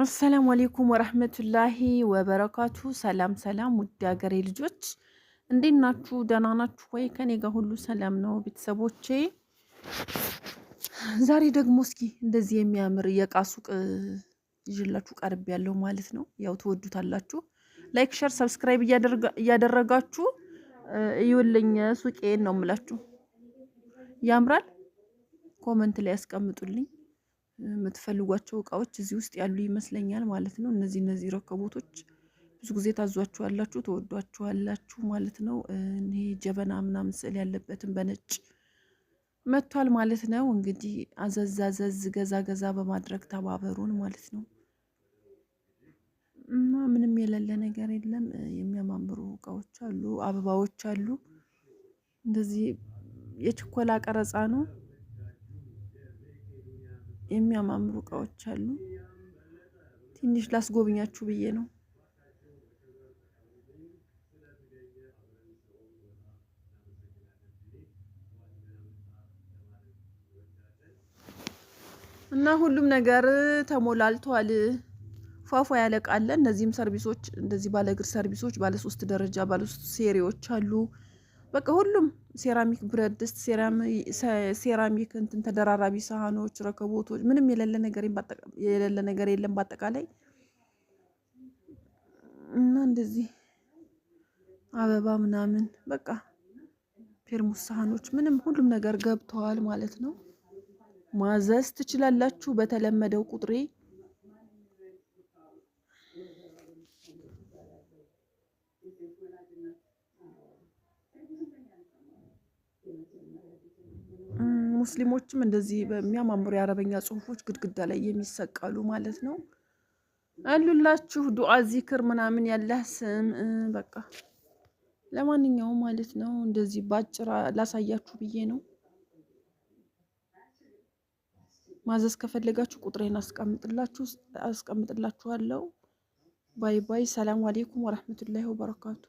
አሰላሙ አሌይኩም ወረህመቱላሂ ወበረካቱ። ሰላም ሰላም፣ ውድ ሀገሬ ልጆች እንዴት ናችሁ? ደህና ናችሁ ወይ? ከኔ ጋር ሁሉ ሰላም ነው ቤተሰቦቼ። ዛሬ ደግሞ እስኪ እንደዚህ የሚያምር የእቃ ሱቅ ይዤላችሁ ቀርብ ያለው ማለት ነው። ያው ትወዱታላችሁ። ላይክ፣ ሸር፣ ሰብስክራይብ እያደረጋችሁ እዩልኝ። ሱቄን ነው የምላችሁ፣ ያምራል። ኮመንት ላይ ያስቀምጡልኝ። የምትፈልጓቸው እቃዎች እዚህ ውስጥ ያሉ ይመስለኛል ማለት ነው። እነዚህ እነዚህ ረከቦቶች ብዙ ጊዜ ታዟችኋላችሁ፣ ተወዷችኋላችሁ ማለት ነው። እኔ ጀበና ምናምን ስዕል ያለበትን በነጭ መጥቷል ማለት ነው። እንግዲህ አዘዝ አዘዝ ገዛ ገዛ በማድረግ ተባበሩን ማለት ነው። እና ምንም የሌለ ነገር የለም። የሚያማምሩ እቃዎች አሉ፣ አበባዎች አሉ። እንደዚህ የችኮላ ቀረጻ ነው። የሚያማምሩ እቃዎች አሉ። ትንሽ ላስጎብኛችሁ ብዬ ነው። እና ሁሉም ነገር ተሞላልቷል። ፏፏ ያለ እቃ እነዚህም ሰርቪሶች እንደዚህ ባለ እግር ሰርቪሶች፣ ባለ ሶስት ደረጃ ባለ ሶስት ሴሪዎች አሉ። በቃ ሁሉም ሴራሚክ ብረት ድስት፣ ሴራሚክ እንትን ተደራራቢ ሳህኖች፣ ረከቦቶች ምንም የሌለ ነገር የሌለ ነገር የለም በአጠቃላይ እና እንደዚህ አበባ ምናምን በቃ ፌርሙስ ሳህኖች ምንም ሁሉም ነገር ገብተዋል ማለት ነው። ማዘዝ ትችላላችሁ በተለመደው ቁጥሬ ሙስሊሞችም እንደዚህ በሚያማምሩ የአረበኛ ጽሁፎች ግድግዳ ላይ የሚሰቀሉ ማለት ነው አሉላችሁ። ዱዓ ዚክር ምናምን ያለህ ስም በቃ ለማንኛውም ማለት ነው እንደዚህ ባጭር ላሳያችሁ ብዬ ነው። ማዘዝ ከፈለጋችሁ ቁጥሬን አስቀምጥላችሁ አስቀምጥላችኋለሁ። ባይ ባይ። ሰላም አሌይኩም ወረህመቱላሂ ወበረካቱሁ።